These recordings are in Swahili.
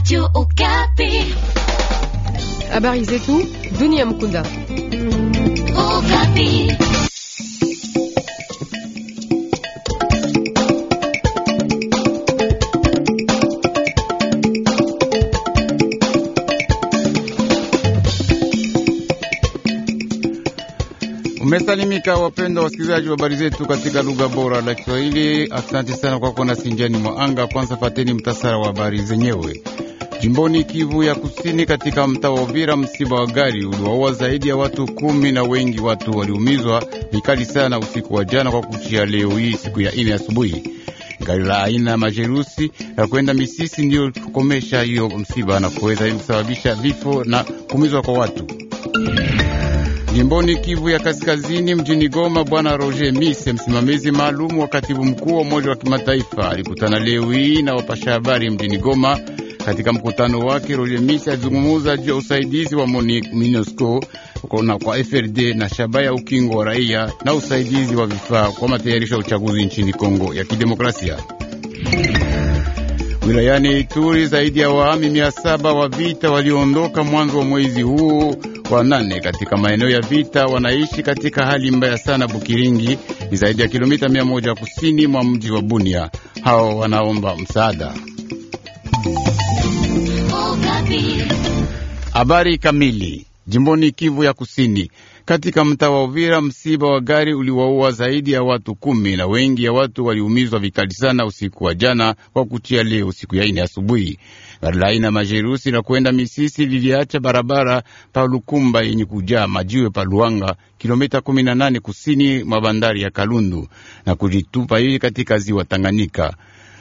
Radio Okapi. Habari zetu dunia mkunda. Okapi. Umesalimika wapendwa wasikilizaji wa habari zetu katika lugha bora la Kiswahili. Asante sana kwa kuona sinjani mwa anga. Kwanza pateni mtasara wa habari zenyewe. Jimboni Kivu ya Kusini, katika mtaa wa Uvira, msiba wa gari uliwaua zaidi ya watu kumi na wengi watu waliumizwa vikali sana usiku wa jana kwa kuchia leo hii siku ya ine asubuhi. Gari la aina ya majerusi la kwenda Misisi ndiyo kukomesha hiyo msiba na kuweza kusababisha vifo na kuumizwa kwa watu. Jimboni Kivu ya Kaskazini, mjini Goma, Bwana Roger Mise, msimamizi maalum wa katibu mkuu wa Umoja wa Kimataifa, alikutana leo hii na wapasha habari mjini Goma katika mkutano wake Rolemisi alizungumuza juu ya usaidizi wa minusco kona kwa FRD na shabaha ya ukingo wa raia na usaidizi wa vifaa kwa matayarisho ya uchaguzi nchini Kongo ya Kidemokrasia. Wilayani Ituri zaidi ya wahami mia saba wa vita waliondoka mwanzo wa mwezi huu wa nane katika maeneo ya vita, wanaishi katika hali mbaya sana Bukiringi, ni zaidi ya kilomita mia moja kusini mwa mji wa Bunia. Hao wanaomba msaada. Habari kamili jimboni Kivu ya Kusini, katika mtaa wa Uvira, msiba wa gari uliwaua zaidi ya watu kumi na wengi ya watu waliumizwa vikali sana usiku wa jana kwa kuchia leo siku ya ine asubuhi. Gari la aina majerusi na kwenda Misisi liliacha barabara pa Lukumba yenye kujaa majiwe pa Luanga, kilomita kumi na nane kusini mwa bandari ya Kalundu na kujitupa hivi katika ziwa Tanganyika.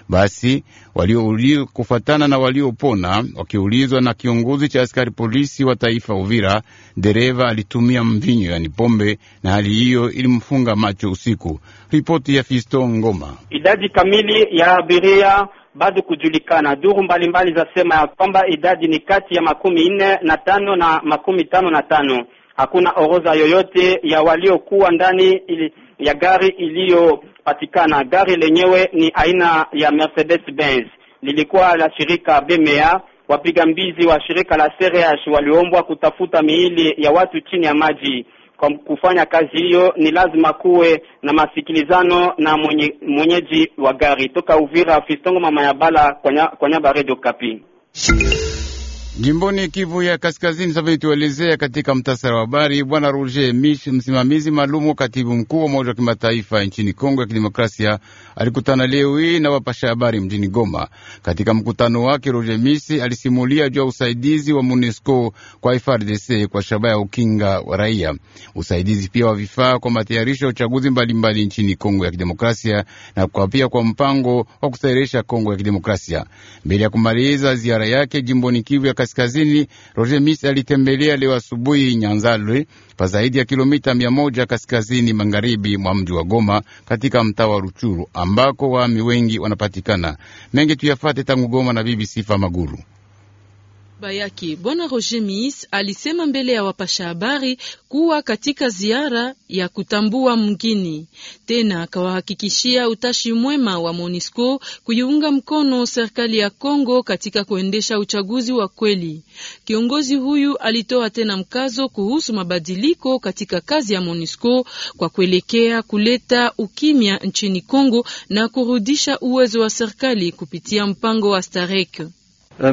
Basi walio kufuatana na waliopona wakiulizwa na kiongozi cha askari polisi wa taifa Uvira, dereva alitumia mvinyo, yani pombe, na hali hiyo ilimfunga macho usiku. Ripoti ya Fisto Ngoma. Idadi kamili ya abiria bado kujulikana. Duru mbalimbali zasema ya kwamba idadi ni kati ya makumi nne na tano na makumi tano na tano. Hakuna orodha yoyote ya waliokuwa ndani ili ya gari iliyopatikana. Gari lenyewe ni aina ya Mercedes Benz, lilikuwa la shirika BMA. Wapiga mbizi wa shirika la Sereash waliombwa kutafuta miili ya watu chini ya maji. Kwa kufanya kazi hiyo, ni lazima kuwe na masikilizano na mwenye, mwenyeji wa gari. Toka Uvira, Fistongo mama ya bala kwa Nyaba, Radio Kapi. Jimboni Kivu ya Kaskazini, tuelezea katika mtasara wa habari. Bwana Roger Mish, msimamizi maalumu katibu mkuu wa Umoja wa Kimataifa nchini Kongo ya Kidemokrasia, alikutana leo hii na wapasha habari mjini Goma. Katika mkutano wake, Roger Mish alisimulia juu ya usaidizi wa MONUSCO kwa frdc kwa shabaha ya ukinga wa raia, usaidizi pia wa vifaa kwa matayarisho ya uchaguzi mbalimbali nchini Kongo ya Kidemokrasia na kwa pia kwa mpango wa kustahirisha Kongo ya Kidemokrasia. Mbele ya kumaliza ziara yake jimboni Kivu ya Kaskazini, Roger Mis alitembelea leo asubuhi Nyanzalwe pa zaidi ya kilomita mia moja kaskazini magharibi mwa mji wa Goma katika mtaa wa Ruchuru ambako waami wengi wanapatikana. Mengi tuyafate tangu Goma na BBC maguru niaba yake Bwana Roger mis alisema mbele ya wapasha habari kuwa katika ziara ya kutambua mgini tena, akawahakikishia utashi mwema wa MONUSCO kuiunga mkono serikali ya Kongo katika kuendesha uchaguzi wa kweli. Kiongozi huyu alitoa tena mkazo kuhusu mabadiliko katika kazi ya MONUSCO kwa kuelekea kuleta ukimya nchini Kongo na kurudisha uwezo wa serikali kupitia mpango wa Starek. Euh,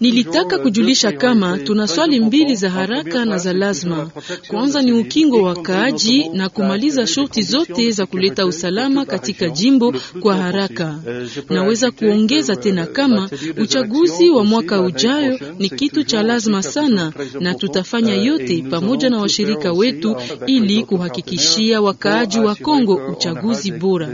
Nilitaka euh, kujulisha kama tuna swali mbili za haraka na za lazima. Kwanza ni ukingo wa kaaji na kumaliza shurti zote za kuleta usalama katika jimbo kwa haraka. Euh, Naweza kuongeza tena kama uchaguzi wa mwaka ujayo ni kitu cha lazima sana, na tutafanya yote pamoja na washirika wetu ili kuhakikishia wakaaji wa Kongo uchaguzi bora.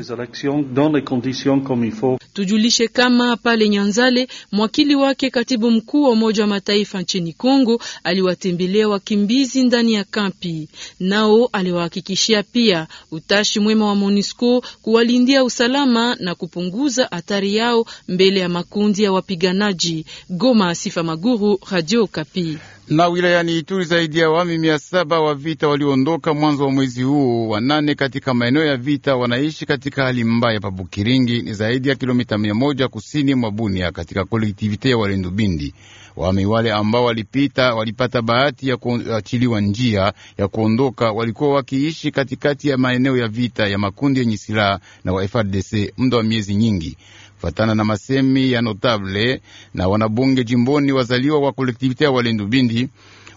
Tujulishe kama pale Nyanzale, mwakili wake katibu mkuu wa Umoja wa Mataifa nchini Kongo aliwatembelea wakimbizi ndani ya kampi, nao aliwahakikishia pia utashi mwema wa MONUSCO kuwalindia usalama na kupunguza hatari yao mbele ya makundi ya wapiganaji. Goma, Sifa Maguru, Radio Kapi na wilayani Ituri zaidi ya wami mia saba wa vita waliondoka mwanzo wa mwezi huu wa nane katika maeneo ya vita, wanaishi katika hali mbaya pa Bukiringi, ni zaidi ya kilomita mia moja kusini mwa Bunia, katika kolektivite ya Walendu Bindi. Wami wale ambao walipita walipata bahati ya kuachiliwa njia ya kuondoka, walikuwa wakiishi katikati ya maeneo ya vita ya makundi yenye silaha na wa frdc muda wa miezi nyingi fatana na masemi ya notable na wanabunge jimboni wazaliwa wa kolektivite ya Walendu Bindi.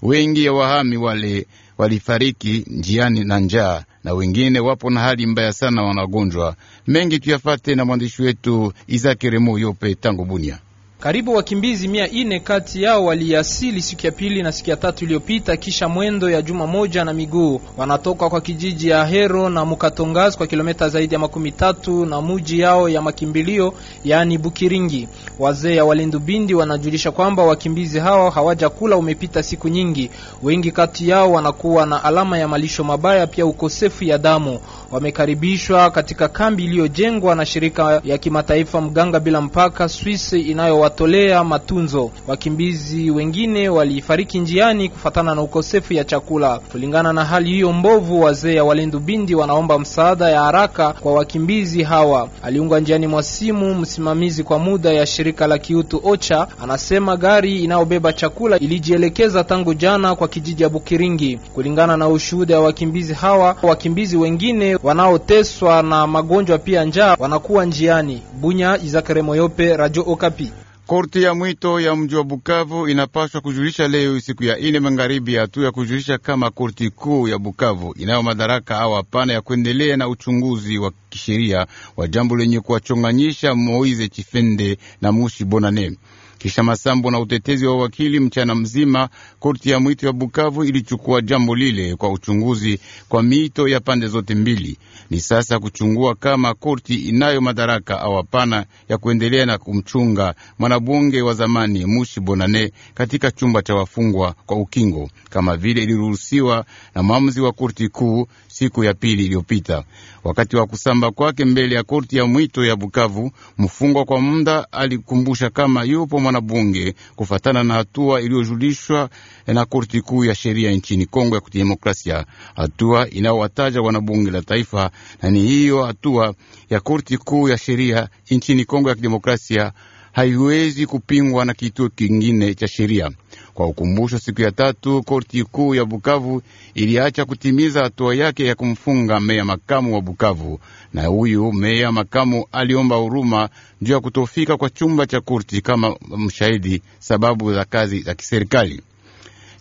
Wengi ya wahami wale walifariki njiani na njaa, na wengine wapo na hali mbaya sana, wanagonjwa mengi. Tuyafate na mwandishi wetu remo Yope tangu Bunia. Karibu wakimbizi mia ine kati yao waliasili siku ya pili na siku ya tatu iliyopita, kisha mwendo ya juma moja na miguu. Wanatoka kwa kijiji ya Hero na mukatongas kwa kilomita zaidi ya makumi tatu na muji yao ya makimbilio yaani Bukiringi. Wazee ya Walendu Bindi wanajulisha kwamba wakimbizi hao hawajakula umepita siku nyingi. Wengi kati yao wanakuwa na alama ya malisho mabaya, pia ukosefu ya damu. Wamekaribishwa katika kambi iliyojengwa na shirika ya kimataifa Mganga bila Mpaka Swiss inayo kuwatolea matunzo. Wakimbizi wengine walifariki njiani kufatana na ukosefu ya chakula. Kulingana na hali hiyo mbovu, wazee ya Walendu Bindi wanaomba msaada ya haraka kwa wakimbizi hawa. Aliungwa njiani mwa simu, msimamizi kwa muda ya shirika la kiutu OCHA anasema gari inayobeba chakula ilijielekeza tangu jana kwa kijiji ya Bukiringi. Kulingana na ushuhuda wa wakimbizi hawa, wakimbizi wengine wanaoteswa na magonjwa pia njaa wanakuwa njiani. Bunya, Izakare Moyope, Radio Okapi. Korti ya mwito ya mji wa Bukavu inapaswa kujulisha leo siku ya ine magharibi hatua ya kujulisha kama korti kuu ya Bukavu inayo madaraka au hapana ya kuendelea na uchunguzi wa kisheria wa jambo lenye kuwachonganyisha Moize Chifende na Mushi Bonane. Kisha masambo na utetezi wa wakili mchana mzima, korti ya mwito ya Bukavu ilichukua jambo lile kwa uchunguzi kwa miito ya pande zote mbili. Ni sasa kuchungua kama korti inayo madaraka au hapana ya kuendelea na kumchunga mwanabunge wa zamani Mushi Bonane katika chumba cha wafungwa kwa ukingo kama vile iliruhusiwa na mwamuzi wa korti kuu siku ya pili iliyopita. Wakati wa kusamba kwake mbele ya korti ya mwito ya Bukavu, mfungwa kwa muda alikumbusha kama yupo na bunge kufatana na hatua iliyojulishwa na korti kuu ya sheria nchini Kongo ya Kidemokrasia, hatua inayowataja wanabunge la taifa, na ni hiyo hatua ya korti kuu ya sheria nchini Kongo ya Kidemokrasia haiwezi kupingwa na kituo kingine cha sheria. Kwa ukumbusho, siku ya tatu korti kuu ya Bukavu iliacha kutimiza hatua yake ya kumfunga meya makamu wa Bukavu, na huyu meya makamu aliomba huruma juu ya kutofika kwa chumba cha korti kama mshahidi sababu za kazi za kiserikali.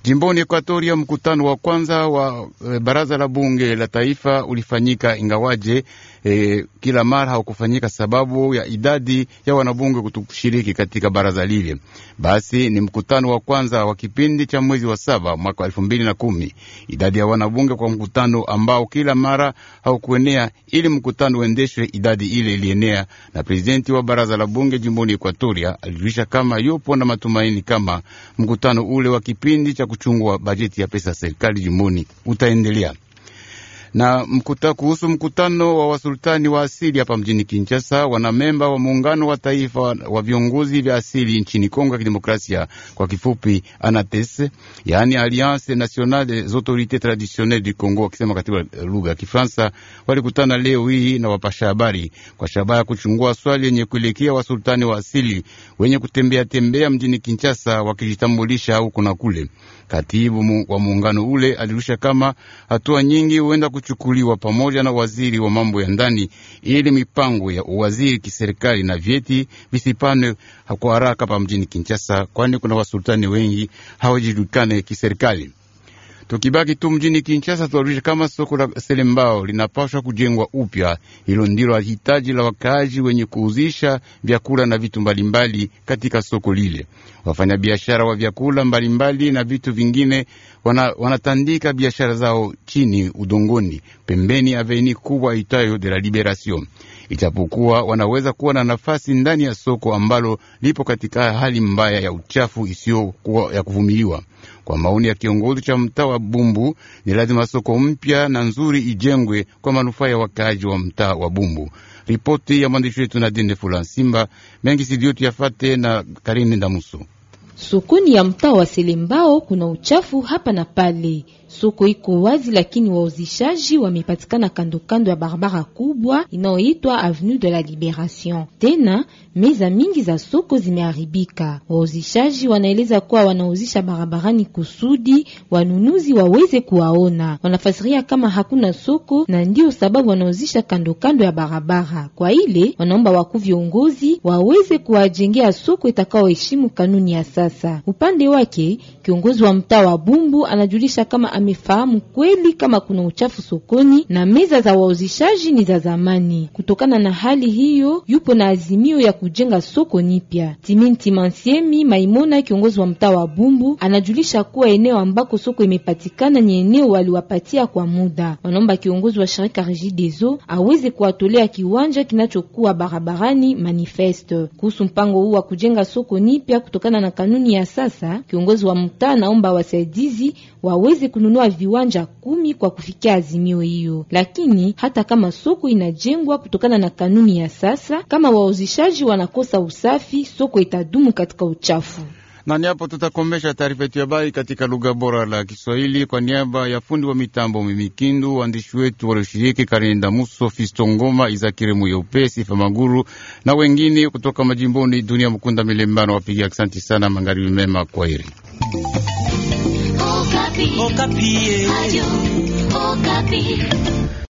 Jimboni Ekuatoria, mkutano wa kwanza wa e, baraza la bunge la taifa ulifanyika, ingawaje e, kila mara haukufanyika sababu ya idadi ya wanabunge kutoshiriki katika baraza lile. Basi ni mkutano wa kwanza wa kipindi cha mwezi wa saba mwaka elfu mbili na kumi. Idadi ya wanabunge kwa mkutano ambao kila mara haukuenea, ili mkutano uendeshwe, idadi ile ilienea, na prezidenti wa baraza la bunge jimboni Ekuatoria alijulisha kama yupo na matumaini kama mkutano ule wa kipindi cha kuchungwa bajeti ya pesa ya serikali jimboni utaendelea na mkuta, kuhusu mkutano wa wasultani wa asili hapa mjini Kinshasa, wanamemba wa muungano wa taifa wa viongozi vya asili nchini Kongo ya Kidemokrasia, kwa kifupi ANATES, yaani Alliance Nationale des Autorités Traditionnelles du Congo, wakisema katika lugha ya Kifaransa, walikutana leo hii na wapasha habari kwa shabaha ya kuchungua swali yenye kuelekea wasultani wa asili wenye kutembea tembea mjini Kinshasa wakijitambulisha huku na kule. Katibu wa muungano ule alirusha kama hatua nyingi huenda kuchukuliwa pamoja na waziri wa mambo ya ndani ili mipango ya uwaziri kiserikali na vyeti visipane kwa haraka pa mjini Kinshasa, kwani kuna wasultani wengi hawajulikane kiserikali. Tukibaki tu mjini Kinshasa, tuarudishe kama soko la Selembao linapashwa kujengwa upya. Hilo ndilo hitaji la wakaaji wenye kuuzisha vyakula na vitu mbalimbali katika soko lile. Wafanyabiashara wa vyakula mbalimbali mbali na vitu vingine wana, wanatandika biashara zao chini udongoni pembeni aveni kubwa itayo de la Liberation. Ijapokuwa wanaweza kuwa na nafasi ndani ya soko ambalo lipo katika hali mbaya ya uchafu isiyo ya kuvumiliwa. Kwa maoni ya kiongozi cha mtaa wa Bumbu, ni lazima soko mpya na nzuri ijengwe kwa manufaa ya wakaaji wa mtaa wa Bumbu. Ripoti ya mwandishi wetu Nadine Fula Simba mengi sidioti yafate na Karini Ndamuso. Sokoni ya mtaa wa Selembao kuna uchafu hapa na pale. Soko iko wazi, lakini wauzishaji wamepatikana kando kando ya barabara kubwa inayoitwa Avenue de la Liberation. Tena meza mingi za soko zimeharibika. Wauzishaji wanaeleza kuwa wanauzisha barabarani kusudi wanunuzi waweze kuwaona. Wanafasiria kama hakuna soko na ndio sababu wanauzisha kando kando ya barabara. Kwa ile wanaomba wakuu viongozi waweze kuwajengea soko itakaoheshimu kanuni ya sasa. Upande wake kiongozi wa mtaa wa Bumbu anajulisha kama amefahamu kweli kama kuna uchafu sokoni na meza za wauzishaji ni za zamani. Kutokana na hali hiyo, yupo na azimio ya kujenga soko nipya. Timinti Mansiemi Maimona, kiongozi wa mtaa wa Bumbu, anajulisha kuwa eneo ambako soko imepatikana ni eneo waliwapatia kwa muda. Wanaomba kiongozi wa shirika Regideso aweze kuwatolea kiwanja kinachokuwa barabarani manifeste. Kuhusu mpango huu wa kujenga soko nipya kutokana na kanuni ya sasa, kiongozi wa mtaa anaomba wasaidizi waweze kununua kununua viwanja kumi kwa kufikia azimio hiyo. Lakini hata kama soko inajengwa kutokana na kanuni ya sasa, kama wauzishaji wanakosa usafi, soko itadumu katika uchafu. Na ni hapo tutakomesha taarifa yetu ya habari katika lugha bora la Kiswahili. Kwa niaba ya fundi wa mitambo Mimikindu, waandishi wetu walioshiriki Karinda Muso, Fisto Ngoma, Izakire Muyeupe, Sifa Maguru na wengine kutoka majimboni, Dunia Mkunda Milembano wapiga. asanti sana, mangaribi mema, heri. Okapi.